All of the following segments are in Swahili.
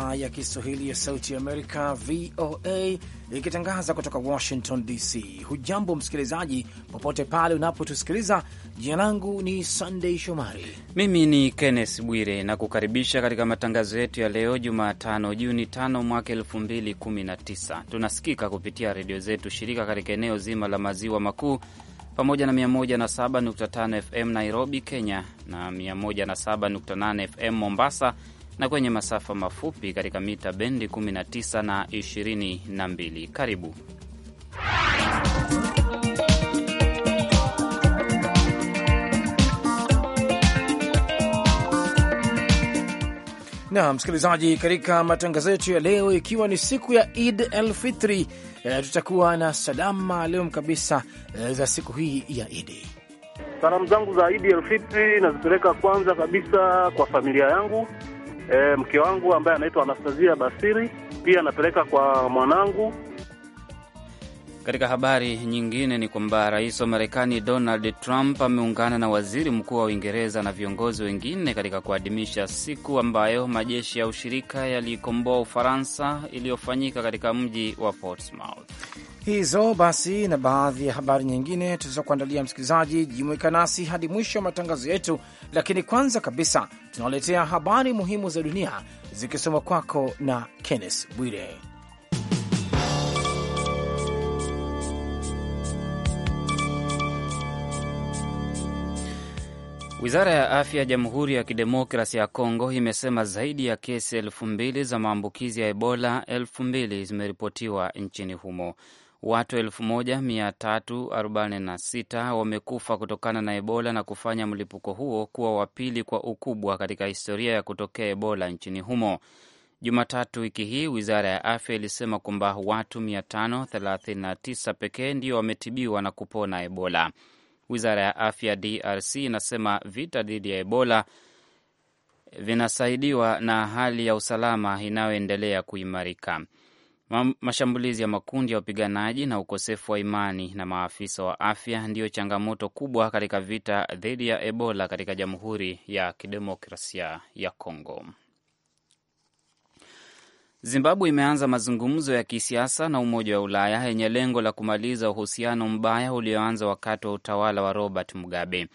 idhaa ya Kiswahili ya Sauti Amerika, VOA, ikitangaza kutoka Washington DC. Hujambo msikilizaji, popote pale unapotusikiliza. Jina langu ni Sandei Shomari, mimi ni Kenneth Bwire na kukaribisha katika matangazo yetu ya leo Jumatano, Juni 5 mwaka 2019. Tunasikika kupitia redio zetu shirika katika eneo zima la maziwa makuu pamoja na 107.5 FM Nairobi, Kenya na 107.8 FM Mombasa na kwenye masafa mafupi katika mita bendi 19 na 22. Karibu na msikilizaji, katika matangazo yetu ya leo, ikiwa ni siku ya Id el Fitri, e, eh, tutakuwa na salamu maalum kabisa e, za siku hii ya Idi. Salamu zangu za Idi el Fitri nazipeleka kwanza kabisa kwa familia yangu e, mke wangu ambaye anaitwa Anastasia Basiri, pia napeleka kwa mwanangu katika habari nyingine ni kwamba rais wa Marekani Donald Trump ameungana na waziri mkuu wa Uingereza na viongozi wengine katika kuadhimisha siku ambayo majeshi ya ushirika yaliikomboa Ufaransa iliyofanyika katika mji wa Portsmouth. Hizo basi na baadhi ya habari nyingine tulizokuandalia, msikilizaji, jumuika nasi hadi mwisho wa matangazo yetu, lakini kwanza kabisa tunawaletea habari muhimu za dunia zikisoma kwako na Kenneth Bwire. Wizara ya afya ya Jamhuri ya Kidemokrasi ya Kongo imesema zaidi ya kesi elfu mbili za maambukizi ya Ebola elfu mbili zimeripotiwa nchini humo. Watu 1346 wamekufa kutokana na Ebola na kufanya mlipuko huo kuwa wa pili kwa ukubwa katika historia ya kutokea Ebola nchini humo. Jumatatu wiki hii wizara ya afya ilisema kwamba watu 539 pekee ndio wametibiwa na kupona Ebola. Wizara ya afya DRC inasema vita dhidi ya Ebola vinasaidiwa na hali ya usalama inayoendelea kuimarika. Mashambulizi ya makundi ya wapiganaji na ukosefu wa imani na maafisa wa afya ndiyo changamoto kubwa katika vita dhidi ya Ebola katika Jamhuri ya Kidemokrasia ya congo Zimbabwe imeanza mazungumzo ya kisiasa na Umoja wa Ulaya yenye lengo la kumaliza uhusiano mbaya ulioanza wakati wa utawala wa Robert Mugabe.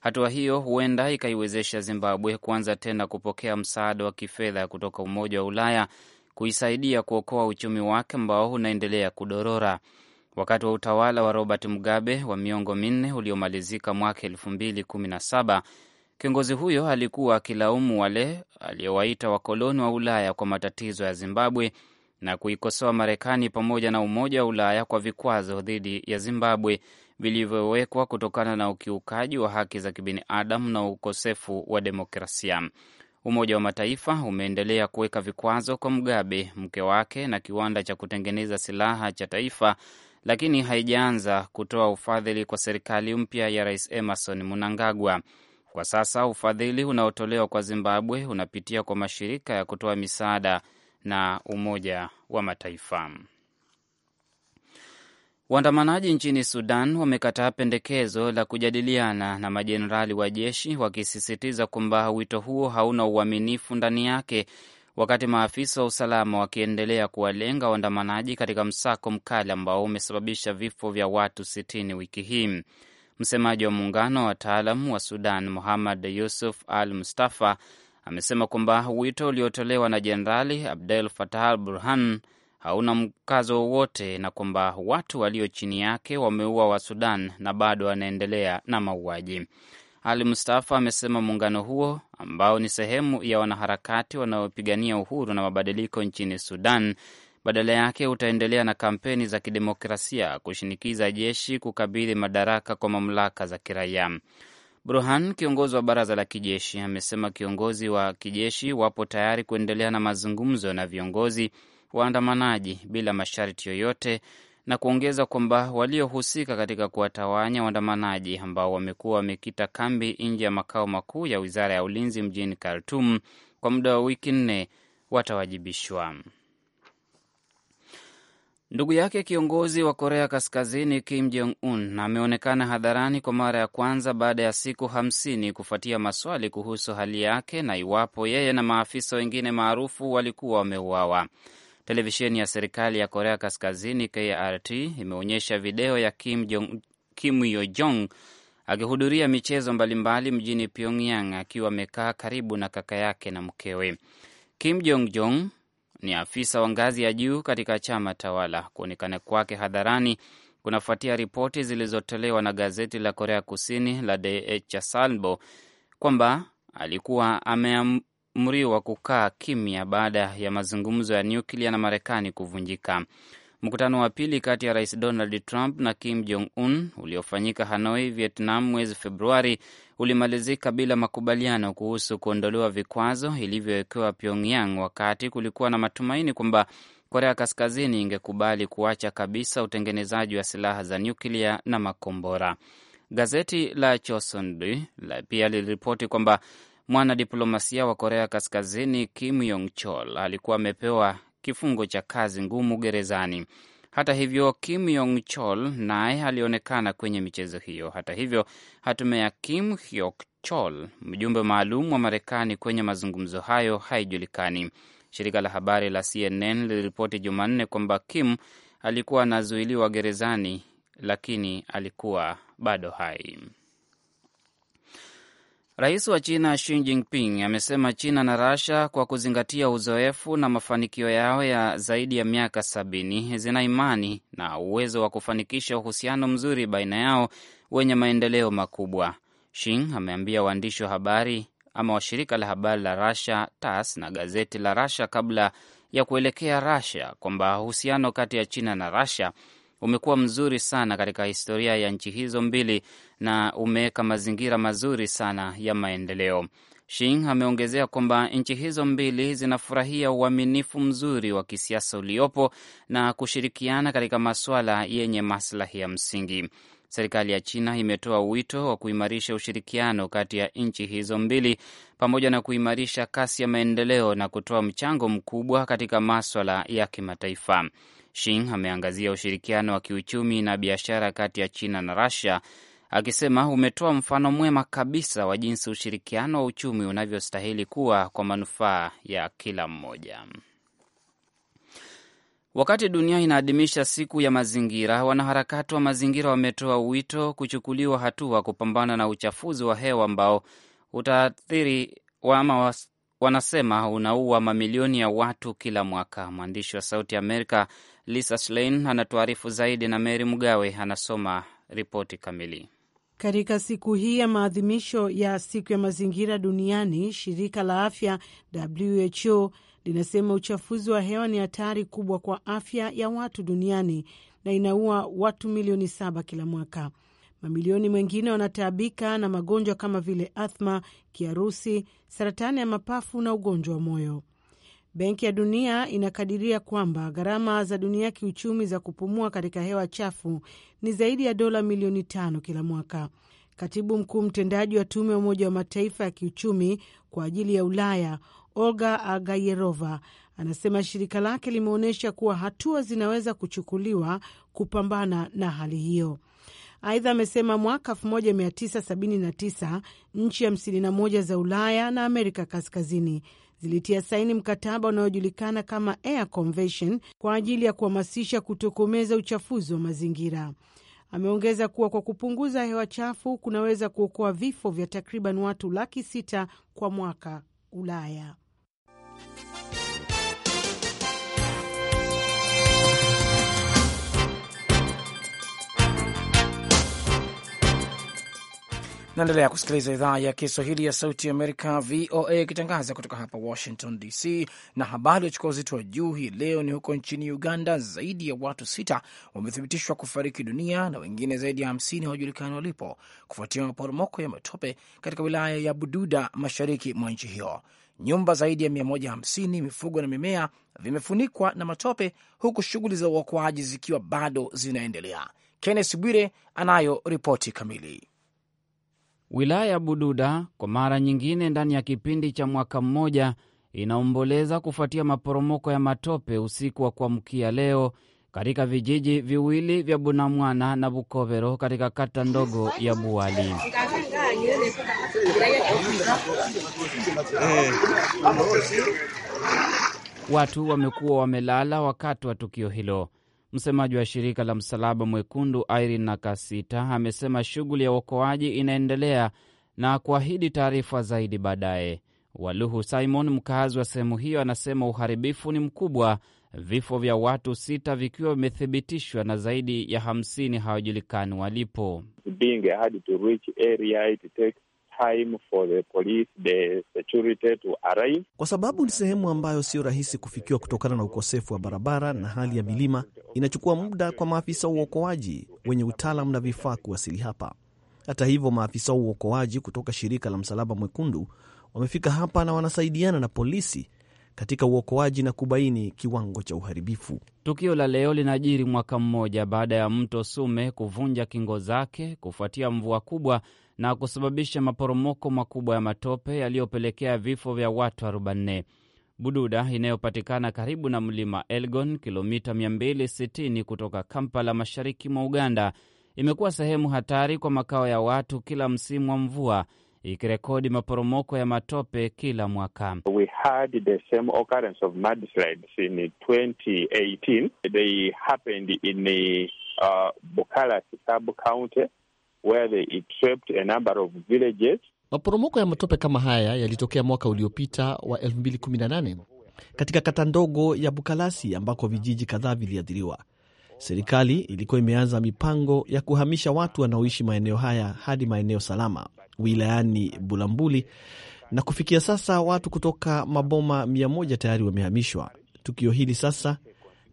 Hatua hiyo huenda ikaiwezesha Zimbabwe kuanza tena kupokea msaada wa kifedha kutoka Umoja wa Ulaya kuisaidia kuokoa uchumi wake ambao unaendelea kudorora. Wakati wa utawala wa Robert Mugabe wa miongo minne uliomalizika mwaka elfu mbili kumi na saba Kiongozi huyo alikuwa akilaumu wale aliowaita wakoloni wa Ulaya kwa matatizo ya Zimbabwe na kuikosoa Marekani pamoja na Umoja wa Ulaya kwa vikwazo dhidi ya Zimbabwe vilivyowekwa kutokana na ukiukaji wa haki za kibinadamu na ukosefu wa demokrasia. Umoja wa Mataifa umeendelea kuweka vikwazo kwa Mugabe, mke wake na kiwanda cha kutengeneza silaha cha taifa, lakini haijaanza kutoa ufadhili kwa serikali mpya ya Rais Emerson Mnangagwa. Kwa sasa ufadhili unaotolewa kwa Zimbabwe unapitia kwa mashirika ya kutoa misaada na Umoja wa Mataifa. Waandamanaji nchini Sudan wamekataa pendekezo la kujadiliana na majenerali wa jeshi, wakisisitiza kwamba wito huo hauna uaminifu ndani yake, wakati maafisa wa usalama wakiendelea kuwalenga waandamanaji katika msako mkali ambao umesababisha vifo vya watu sitini wiki hii. Msemaji wa muungano wa wataalam wa Sudan, Muhammad Yusuf Al Mustafa, amesema kwamba wito uliotolewa na Jenerali Abdel Fattah Al Burhan hauna mkazo wowote na kwamba watu walio chini yake wameua wa Sudan na bado wanaendelea na mauaji. Ali Mustafa amesema muungano huo ambao ni sehemu ya wanaharakati wanaopigania uhuru na mabadiliko nchini Sudan badala yake utaendelea na kampeni za kidemokrasia kushinikiza jeshi kukabidhi madaraka kwa mamlaka za kiraia. Burhan, kiongozi wa baraza la kijeshi, amesema kiongozi wa kijeshi wapo tayari kuendelea na mazungumzo na viongozi waandamanaji bila masharti yoyote, na kuongeza kwamba waliohusika katika kuwatawanya waandamanaji ambao wamekuwa wamekita kambi nje ya makao makuu ya wizara ya ulinzi mjini Khartum kwa muda wa wiki nne watawajibishwa. Ndugu yake kiongozi wa Korea Kaskazini Kim Jong Un ameonekana hadharani kwa mara ya kwanza baada ya siku hamsini kufuatia maswali kuhusu hali yake na iwapo yeye na maafisa wengine maarufu walikuwa wameuawa. Televisheni ya serikali ya Korea Kaskazini KRT imeonyesha video ya Kim Jong, Kim Yo Jong akihudhuria michezo mbalimbali mjini Pyongyang akiwa amekaa karibu na kaka yake na mkewe Kim Jong Jong ni afisa wa ngazi ya juu katika chama tawala. Kuonekana kwake hadharani kunafuatia ripoti zilizotolewa na gazeti la Korea Kusini la Daecha Salbo kwamba alikuwa ameamriwa kukaa kimya baada ya mazungumzo ya nyuklia na Marekani kuvunjika. Mkutano wa pili kati ya rais Donald Trump na Kim Jong Un uliofanyika Hanoi, Vietnam mwezi Februari ulimalizika bila makubaliano kuhusu kuondolewa vikwazo ilivyowekewa Pyongyang, wakati kulikuwa na matumaini kwamba Korea Kaskazini ingekubali kuacha kabisa utengenezaji wa silaha za nyuklia na makombora. Gazeti la Chosundi la pia liliripoti kwamba mwanadiplomasia wa Korea Kaskazini Kim Yong Chol alikuwa amepewa kifungo cha kazi ngumu gerezani. Hata hivyo, Kim Yong Chol naye alionekana kwenye michezo hiyo. Hata hivyo, hatume ya Kim Hyok Chol, mjumbe maalum wa Marekani kwenye mazungumzo hayo, haijulikani. Shirika la habari la CNN liliripoti Jumanne kwamba Kim alikuwa anazuiliwa gerezani, lakini alikuwa bado hai. Rais wa China Xi Jinping amesema China na Russia kwa kuzingatia uzoefu na mafanikio yao ya zaidi ya miaka sabini zina imani na uwezo wa kufanikisha uhusiano mzuri baina yao wenye maendeleo makubwa. Xi ameambia waandishi wa habari ama washirika la habari la Russia TASS na gazeti la Russia kabla ya kuelekea Russia kwamba uhusiano kati ya China na Russia umekuwa mzuri sana katika historia ya nchi hizo mbili na umeweka mazingira mazuri sana ya maendeleo. Shing ameongezea kwamba nchi hizo mbili zinafurahia uaminifu mzuri wa kisiasa uliopo na kushirikiana katika masuala yenye maslahi ya msingi. Serikali ya China imetoa wito wa kuimarisha ushirikiano kati ya nchi hizo mbili pamoja na kuimarisha kasi ya maendeleo na kutoa mchango mkubwa katika maswala ya kimataifa. Shing ameangazia ushirikiano wa kiuchumi na biashara kati ya China na Russia akisema umetoa mfano mwema kabisa wa jinsi ushirikiano wa uchumi unavyostahili kuwa kwa manufaa ya kila mmoja. Wakati dunia inaadhimisha siku ya mazingira, wanaharakati wa mazingira wametoa wito kuchukuliwa hatua kupambana na uchafuzi wa hewa ambao utaathiri ama wanasema unaua mamilioni ya watu kila mwaka. Mwandishi wa Sauti Amerika Lisa Schlein anatuarifu zaidi na Mary Mugawe anasoma ripoti kamili. Katika siku hii ya maadhimisho ya siku ya mazingira duniani, shirika la afya WHO linasema uchafuzi wa hewa ni hatari kubwa kwa afya ya watu duniani na inaua watu milioni saba kila mwaka. Mamilioni mwengine wanataabika na magonjwa kama vile athma, kiharusi, saratani ya mapafu na ugonjwa wa moyo. Benki ya Dunia inakadiria kwamba gharama za dunia kiuchumi za kupumua katika hewa chafu ni zaidi ya dola milioni tano kila mwaka. Katibu mkuu mtendaji wa tume ya Umoja wa Mataifa ya kiuchumi kwa ajili ya Ulaya, Olga Agayerova, anasema shirika lake limeonyesha kuwa hatua zinaweza kuchukuliwa kupambana na hali hiyo. Aidha, amesema mwaka 1979 nchi 51 za Ulaya na Amerika Kaskazini zilitia saini mkataba unaojulikana kama Air Convention kwa ajili ya kuhamasisha kutokomeza uchafuzi wa mazingira. Ameongeza kuwa kwa kupunguza hewa chafu kunaweza kuokoa vifo vya takriban watu laki sita kwa mwaka Ulaya. Naendelea kusikiliza idhaa ya Kiswahili ya Sauti ya Amerika, VOA, ikitangaza kutoka hapa Washington DC. Na habari yachukua uzito wa juu hii leo ni huko nchini Uganda. Zaidi ya watu sita wamethibitishwa kufariki dunia na wengine zaidi ya hamsini hawajulikani walipo kufuatia maporomoko ya matope katika wilaya ya Bududa, mashariki mwa nchi hiyo. Nyumba zaidi ya 150, mifugo na mimea vimefunikwa na matope, huku shughuli za uokoaji zikiwa bado zinaendelea. kennes Bwire anayo ripoti kamili. Wilaya ya Bududa kwa mara nyingine ndani ya kipindi cha mwaka mmoja inaomboleza kufuatia maporomoko ya matope usiku wa kuamkia leo katika vijiji viwili vya Bunamwana na Bukovero katika kata ndogo ya Buwali. Watu wamekuwa wamelala wakati wa tukio hilo. Msemaji wa shirika la Msalaba Mwekundu Irene Nakasita amesema shughuli ya uokoaji inaendelea na kuahidi taarifa zaidi baadaye. Waluhu Simon, mkaazi wa sehemu hiyo, anasema uharibifu ni mkubwa, vifo vya watu sita vikiwa vimethibitishwa na zaidi ya hamsini hawajulikani walipo. Being hard to reach area, it takes time for the police, the security to arrive, kwa sababu ni sehemu ambayo sio rahisi kufikiwa kutokana na ukosefu wa barabara na hali ya milima. Inachukua muda kwa maafisa uokoaji wenye utaalam na vifaa kuwasili hapa. Hata hivyo, maafisa wa uokoaji kutoka shirika la Msalaba Mwekundu wamefika hapa na wanasaidiana na polisi katika uokoaji na kubaini kiwango cha uharibifu. Tukio la leo linajiri mwaka mmoja baada ya mto Sume kuvunja kingo zake kufuatia mvua kubwa na kusababisha maporomoko makubwa ya matope yaliyopelekea vifo vya watu 40. Bududa inayopatikana karibu na mlima Elgon, kilomita 260 kutoka Kampala, mashariki mwa Uganda, imekuwa sehemu hatari kwa makao ya watu kila msimu wa mvua, ikirekodi maporomoko ya matope kila mwaka. We had the same occurrence of mudslides in 2018. They happened in the, uh, Bukala sub county where they a number of villages. Maporomoko ya matope kama haya yalitokea mwaka uliopita wa 2018 katika kata ndogo ya Bukalasi ambako vijiji kadhaa viliathiriwa. Serikali ilikuwa imeanza mipango ya kuhamisha watu wanaoishi maeneo haya hadi maeneo salama wilayani Bulambuli, na kufikia sasa watu kutoka maboma 1 tayari wamehamishwa. Tukio hili sasa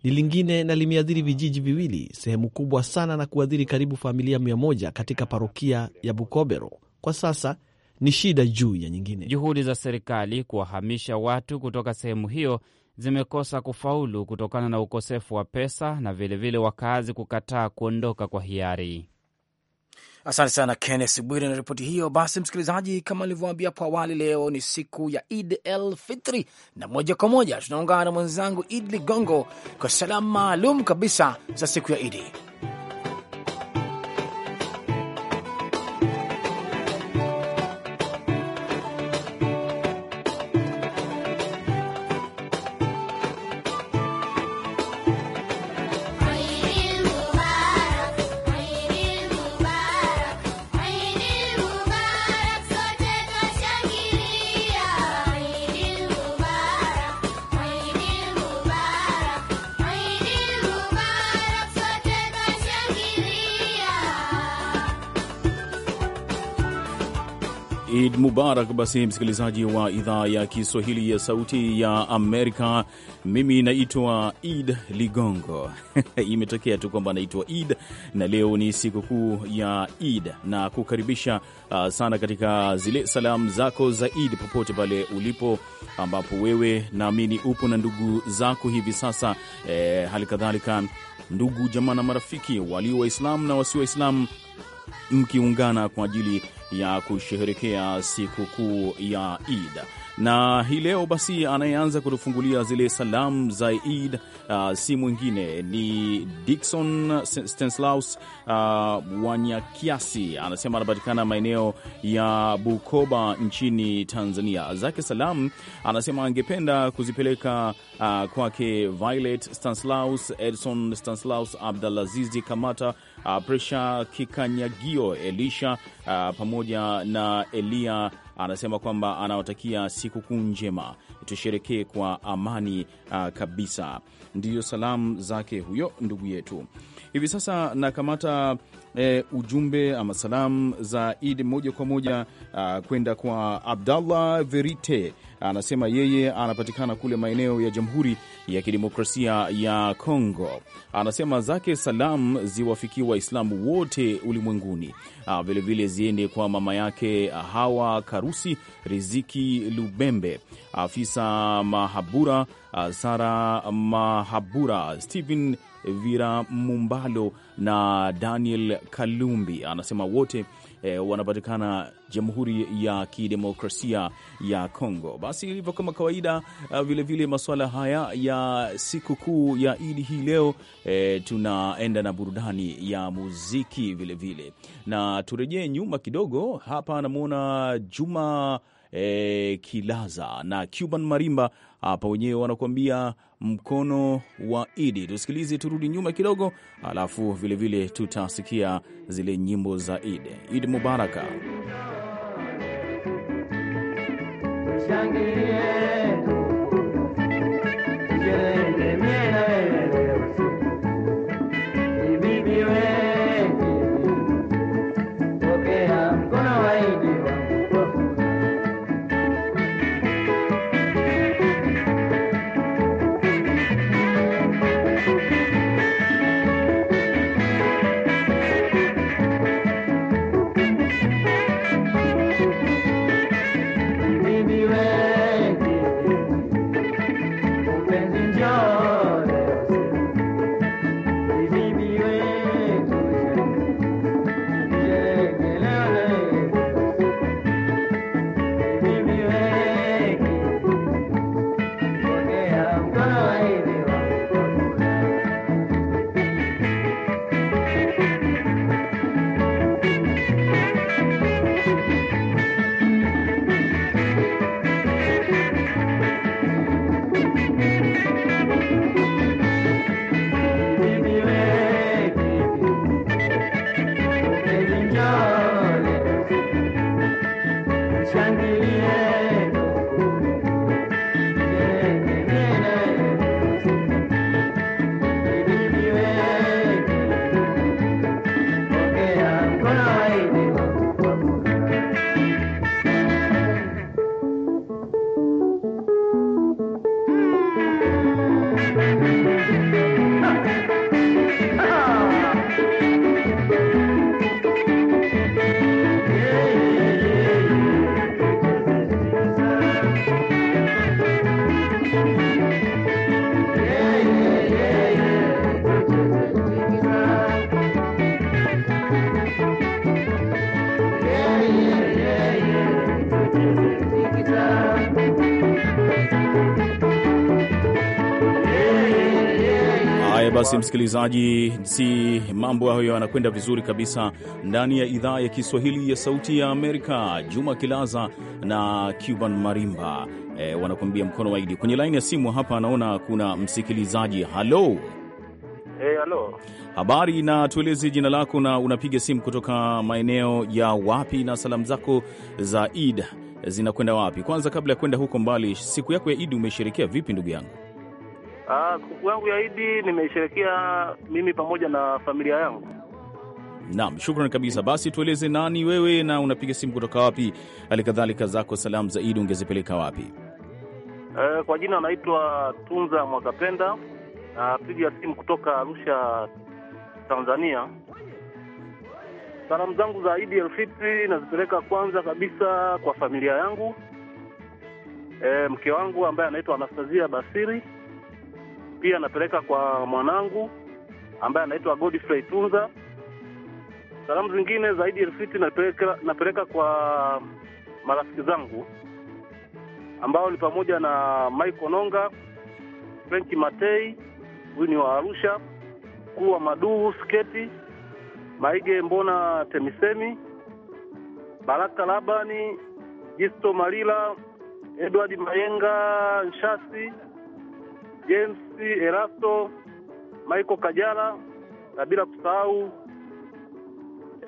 ni lingine na limeathiri vijiji viwili sehemu kubwa sana na kuathiri karibu familia mia moja katika parokia ya Bukobero. Kwa sasa ni shida juu ya nyingine. Juhudi za serikali kuwahamisha watu kutoka sehemu hiyo zimekosa kufaulu kutokana na ukosefu wa pesa na vilevile wakazi kukataa kuondoka kwa hiari. Asante sana Kennes Bwire na ripoti hiyo. Basi msikilizaji, kama nilivyoambia hapo awali, leo ni siku ya Id el Fitri, na moja kwa moja tunaungana na mwenzangu Id Ligongo kwa salamu maalum kabisa za siku ya Idi. Mubarak. Basi msikilizaji wa idhaa ya Kiswahili ya Sauti ya Amerika, mimi naitwa Id Ligongo imetokea tu kwamba naitwa Id na leo ni sikukuu ya Id na kukaribisha uh, sana katika zile salamu zako za id popote pale ulipo, ambapo wewe naamini upo na ndugu zako hivi sasa, eh, hali kadhalika ndugu jamaa na marafiki walio Waislamu na wasio Waislamu mkiungana kwa ajili ya kusherehekea sikukuu ya Eid. Na hii leo basi, anayeanza kutufungulia zile salamu za Eid uh, si mwingine ni Dikson Stenslaus uh, Wanyakiasi, anasema anapatikana maeneo ya Bukoba nchini Tanzania. Zake salamu anasema angependa kuzipeleka uh, kwake Violet Stanslaus, Edson Stanslaus, Abdulazizi Kamata uh, ah, Presha Kikanyagio Elisha uh, pamoja na Elia anasema kwamba anawatakia sikukuu njema, tusherekee kwa amani uh, kabisa. Ndiyo salamu zake huyo ndugu yetu. Hivi sasa nakamata e, ujumbe ama salam za Idi moja kwa moja kwenda kwa Abdallah Verite. Anasema yeye anapatikana kule maeneo ya Jamhuri ya Kidemokrasia ya Kongo. Anasema zake salam ziwafikie Waislamu wote ulimwenguni, vilevile ziende kwa mama yake Hawa Karusi, Riziki Lubembe, Afisa Mahabura, Sara Mahabura, Stephen vira mumbalo na Daniel Kalumbi. Anasema wote e, wanapatikana Jamhuri ya Kidemokrasia ya Kongo. Basi ilivyo kama kawaida, eh, vilevile masuala haya ya sikukuu ya Idi hii leo e, tunaenda na burudani ya muziki vilevile vile. Na turejee nyuma kidogo, hapa anamwona Juma e, Kilaza na Cuban Marimba hapa wenyewe wanakuambia mkono wa Idi. Tusikilize, turudi nyuma kidogo, alafu vilevile tutasikia zile nyimbo za Idi. Idi mubaraka, shangilie basi, msikilizaji, si mambo hayo yanakwenda vizuri kabisa ndani ya idhaa ya Kiswahili ya Sauti ya Amerika. Juma Kilaza na Cuban Marimba e, wanakuambia mkono waidi. Kwenye laini ya simu hapa anaona kuna msikilizaji. Halo. Hey, eh, halo. Habari, na tueleze jina lako na unapiga simu kutoka maeneo ya wapi, na salamu zako za id zinakwenda wapi? Kwanza kabla ya kwenda huko mbali, siku yako ya id umesherekea vipi ndugu yangu? Sikukuu ah, yangu ya Idi nimeisherekea mimi pamoja na familia yangu. Naam, shukrani kabisa. Basi tueleze nani wewe na unapiga simu kutoka wapi, hali kadhalika zako salamu za Idi ungezipeleka wapi? Eh, kwa jina anaitwa Tunza Mwakapenda, napiga simu kutoka Arusha, Tanzania. Salamu zangu za Idi Elfitri nazipeleka kwanza kabisa kwa familia yangu, eh, mke wangu ambaye anaitwa Anastasia Basiri pia napeleka kwa mwanangu ambaye anaitwa Godfrey Tunza. Salamu zingine zaidi elfu sita napeleka, napeleka kwa marafiki zangu ambao ni pamoja na Michael Nonga, Frank Matei, huyu ni wa Arusha, mkuu wa Maduhu Sketi, Maige Mbona, Temisemi, Baraka Labani, Gisto, Malila, Edward Mayenga Nshasi James Erasto, Michael Kajala na bila kusahau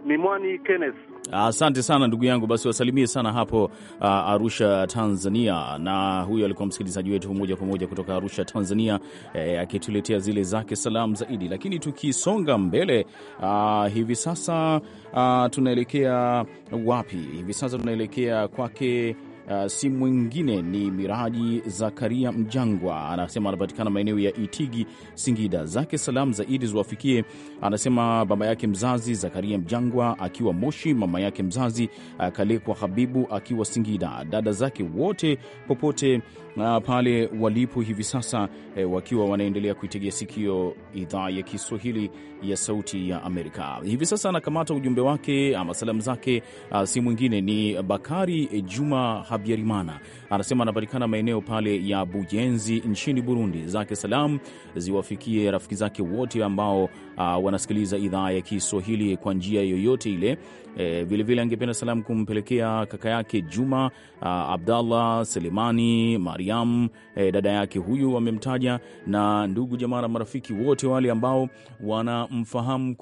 Mimwani Kenneth. Asante sana ndugu yangu, basi wasalimie sana hapo uh, Arusha Tanzania. Na huyo alikuwa msikilizaji wetu moja kwa moja kutoka Arusha Tanzania, eh, akituletea zile zake salamu zaidi. Lakini tukisonga mbele uh, hivi sasa uh, tunaelekea wapi? Hivi sasa tunaelekea kwake Uh, si mwingine ni Miraji Zakaria Mjangwa, anasema anapatikana maeneo ya Itigi, Singida. Zake salamu zaidi ziwafikie, anasema baba yake mzazi Zakaria Mjangwa akiwa Moshi, mama yake mzazi uh, Kalekwa Habibu akiwa Singida, dada zake wote popote na pale walipo hivi sasa e, wakiwa wanaendelea kuitegea sikio idhaa ya Kiswahili ya Sauti ya Amerika. Hivi sasa anakamata ujumbe wake ama salamu zake, si mwingine ni Bakari Juma Habyarimana, anasema anapatikana maeneo pale ya Bujenzi nchini Burundi. Zake salamu ziwafikie rafiki zake wote ambao uh, wanasikiliza idhaa ya Kiswahili kwa njia yoyote ile. Vilevile eh, vile angependa salamu kumpelekea kaka yake Juma uh, Abdallah Selemani Mariam, eh, dada yake huyu amemtaja, na ndugu jamaa na marafiki wote wale ambao wanamfahamu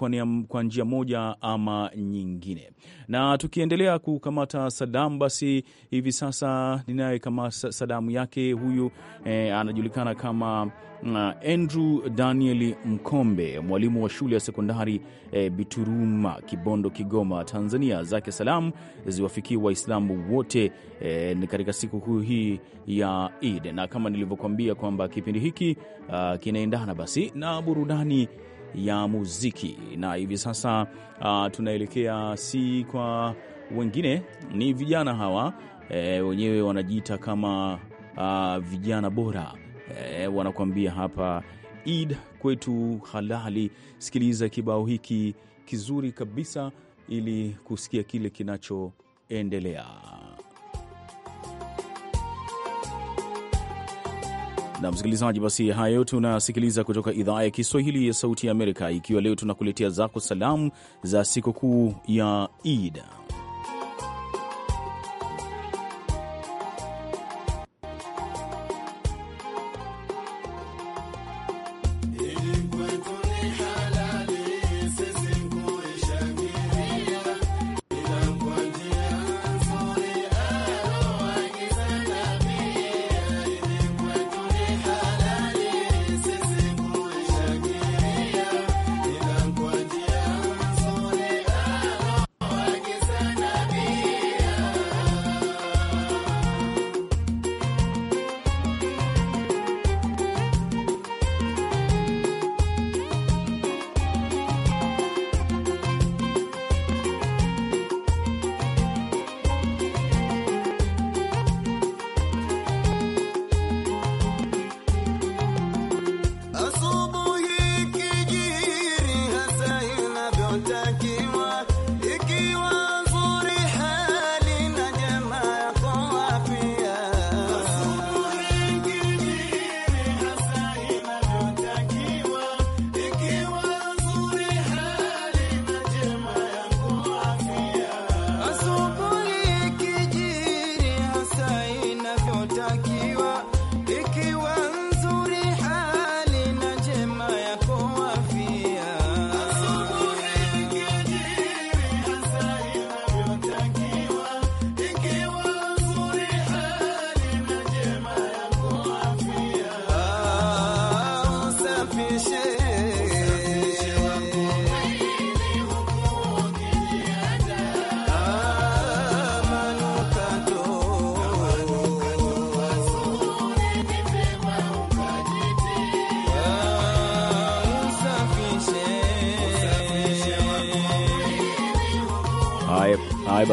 kwa njia moja ama nyingine. Na tukiendelea kukamata sadamu, basi hivi sasa ninaye kama sadamu yake huyu, eh, anajulikana kama na Andrew Daniel Mkombe, mwalimu wa shule ya sekondari e, Bituruma, Kibondo, Kigoma, Tanzania. Zake salamu ziwafikie Waislamu wote e, katika siku kuu hii ya Eid, na kama nilivyokuambia kwamba kipindi hiki ah, kinaendana basi na burudani ya muziki, na hivi sasa a, ah, tunaelekea si kwa wengine, ni vijana hawa e, wenyewe wanajiita kama a, ah, vijana bora e, wanakuambia hapa Eid kwetu halali. Sikiliza kibao hiki kizuri kabisa ili kusikia kile kinachoendelea. na msikilizaji, basi hayo tunasikiliza kutoka idhaa ya Kiswahili ya Sauti ya Amerika, ikiwa leo tunakuletea zako salamu za sikukuu ya Id.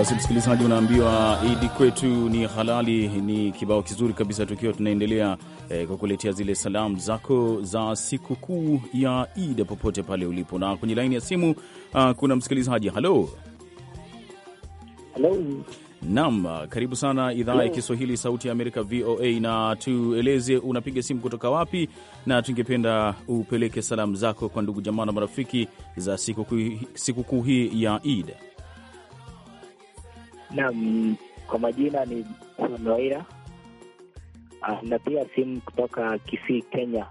Basi msikilizaji, unaambiwa Idi kwetu ni halali. Ni kibao kizuri kabisa, tukiwa tunaendelea eh, kukuletea zile salamu zako za sikukuu ya id popote pale ulipo. Na kwenye laini ya simu uh, kuna msikilizaji. Halo, nam karibu sana idhaa ya Kiswahili Sauti ya Amerika VOA, na tueleze unapiga simu kutoka wapi, na tungependa upeleke salamu zako kwa ndugu jamaa na marafiki za sikukuu siku hii ya id Naam, kwa majina ni Noira Uh, ah, napiga simu kutoka Kisii, Kenya,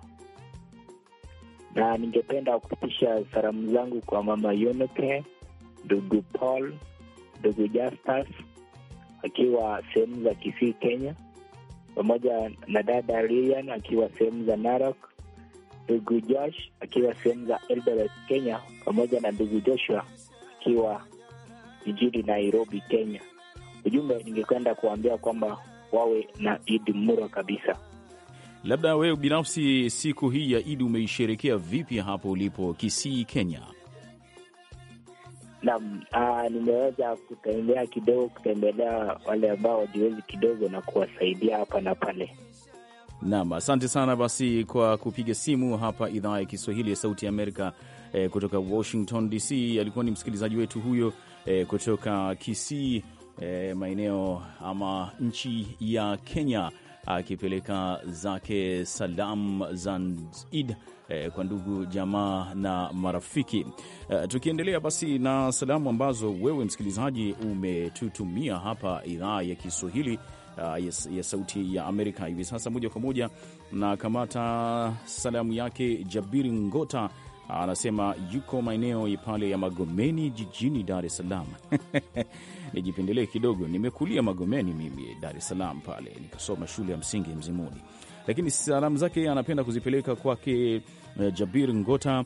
na ningependa kupitisha salamu zangu kwa mama Yunuke, ndugu Paul, ndugu Justus akiwa sehemu za Kisii, Kenya, pamoja na dada Lilian akiwa sehemu za Narok, ndugu Josh akiwa sehemu za Eldoret, Kenya, pamoja na ndugu Joshua akiwa jijini Nairobi, Kenya ujumbe ningependa kuwaambia kwamba wawe na Idi mura kabisa. Labda wewe binafsi siku hii ya Idi umeisherekea vipi hapo ulipo Kisii, Kenya? Naam, ah, nimeweza kutembea kidogo, kutembelea wale ambao wajiwezi kidogo na kuwasaidia hapa na pale. Naam, asante sana basi kwa kupiga simu hapa idhaa ya Kiswahili ya Sauti ya Amerika eh, kutoka Washington DC. Alikuwa ni msikilizaji wetu huyo eh, kutoka Kisii e, maeneo ama nchi ya Kenya akipeleka zake salam za Id e, kwa ndugu jamaa na marafiki e, tukiendelea basi na salamu ambazo wewe msikilizaji umetutumia hapa idhaa ya Kiswahili Uh, yes, ya Sauti ya Amerika hivi sasa, moja kwa moja na kamata salamu yake Jabiri Ngota, anasema yuko maeneo pale ya Magomeni jijini Dar es Salaam nijipendelee kidogo. Nimekulia Magomeni mimi, Dar es Salaam pale nikasoma shule ya msingi Mzimuni, lakini salamu zake anapenda kuzipeleka kwake eh, Jabir Ngota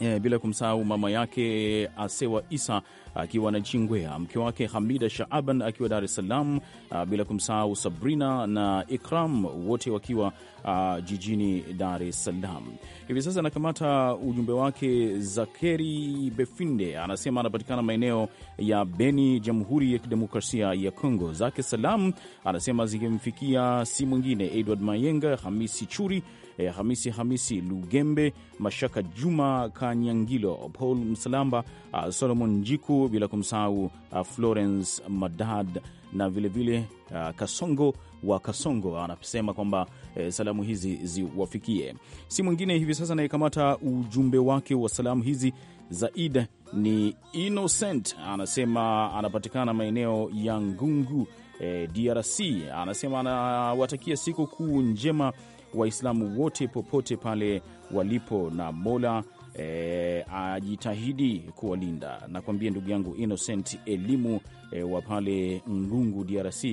E, bila kumsahau mama yake eh, Asewa Isa akiwa na Chingwea, mke wake Hamida Shaaban akiwa Dar es Salaam, ah, bila kumsahau Sabrina na Ikram wote wakiwa a, ah, jijini Dar es Salaam. Hivi sasa anakamata ujumbe wake. Zakeri Befinde anasema anapatikana maeneo ya Beni, Jamhuri ya Kidemokrasia ya Kongo. Zake salam anasema zikimfikia si mwingine Edward Mayenga, Hamisi Churi eh, Hamisi Hamisi Lugembe, Mashaka Juma Kanyangilo, Paul Msalamba, uh, Solomon Njiku, bila kumsahau uh, Florence Madad na vilevile vile, uh, Kasongo wa Kasongo anasema kwamba e, salamu hizi ziwafikie. Si mwingine hivi sasa anayekamata ujumbe wake wa salamu hizi zaid ni Innocent, anasema anapatikana maeneo ya Ngungu, e, DRC. Anasema anawatakia siku kuu njema Waislamu wote popote pale walipo, na Mola e, ajitahidi kuwalinda. Nakwambia ndugu yangu Innocent Elimu e, wa pale Ngungu, DRC.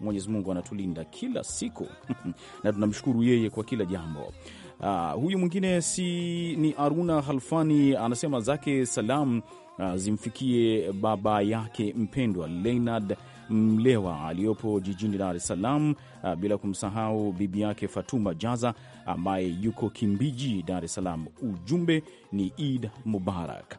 Mwenyezi Mungu anatulinda kila siku na tunamshukuru yeye kwa kila jambo. Uh, huyu mwingine si ni Aruna Halfani, anasema zake salam uh, zimfikie baba yake mpendwa Leonard Mlewa aliyopo jijini Dar es Salaam, uh, bila kumsahau bibi yake Fatuma Jaza ambaye yuko Kimbiji, Dar es Salaam. Ujumbe ni Eid Mubarak.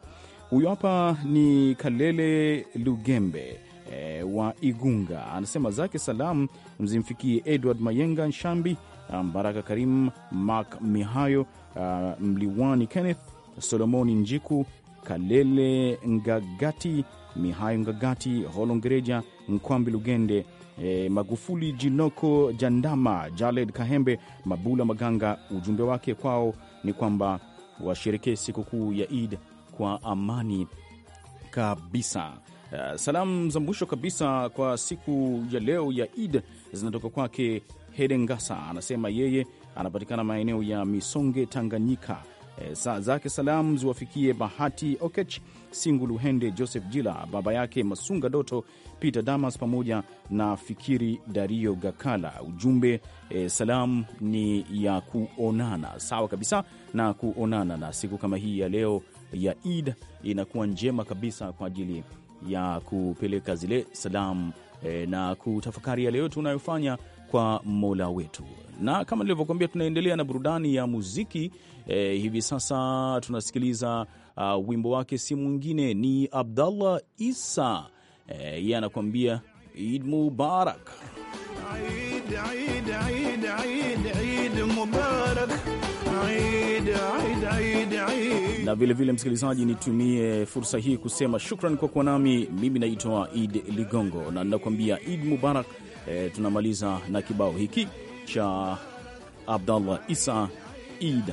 Huyu hapa ni Kalele Lugembe e, wa Igunga, anasema zake salamu mzimfikie Edward Mayenga Nshambi, Mbaraka um, Karim Mak Mihayo, uh, Mliwani Kenneth Solomoni Njiku Kalele Ngagati, Mihayo Ngagati, Holongereja Nkwambi Lugende, e, Magufuli Jinoko Jandama, Jaled Kahembe, Mabula Maganga. Ujumbe wake kwao ni kwamba washerekee sikukuu ya Eid kwa amani kabisa. Eh, salamu za mwisho kabisa kwa siku ya leo ya Eid zinatoka kwake Hedengasa, anasema yeye anapatikana maeneo ya Misonge, Tanganyika. Eh, saa zake salam ziwafikie Bahati Okech, Singuluhende Joseph Jila, baba yake Masunga Doto, Peter Damas pamoja na Fikiri Dario Gakala. Ujumbe e, salamu ni ya kuonana. Sawa kabisa na kuonana, na siku kama hii ya leo ya id inakuwa njema kabisa kwa ajili ya kupeleka zile salamu e, na kutafakari yale yote unayofanya kwa Mola wetu. Na kama nilivyokuambia, tunaendelea na burudani ya muziki e, Hivi sasa tunasikiliza uh, wimbo wake si mwingine ni Abdallah Isa e, yeye anakuambia Eid Mubarak. Eid, vile Na vilevile msikilizaji, nitumie fursa hii kusema shukran kwa kuwa nami. Mimi naitwa id Ligongo na ninakuambia Id Mubarak E, tunamaliza na kibao hiki cha Abdallah Isa Eid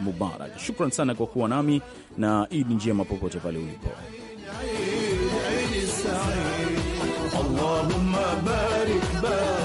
Mubarak. Shukran sana kwa kuwa nami na Eid njema popote pale ulipo. Allahumma barik barik